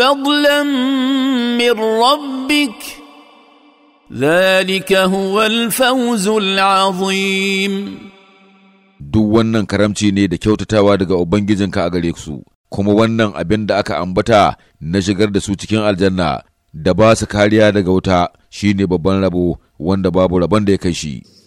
فضلا من ربك ذلك هو الفوز العظيم duk wannan karamci ne da kyautatawa daga Ubangijinka a gare su, kuma wannan abin da aka ambata na shigar da su cikin aljanna da ba su kariya daga wuta shine babban rabo wanda babu rabon da ya kai shi.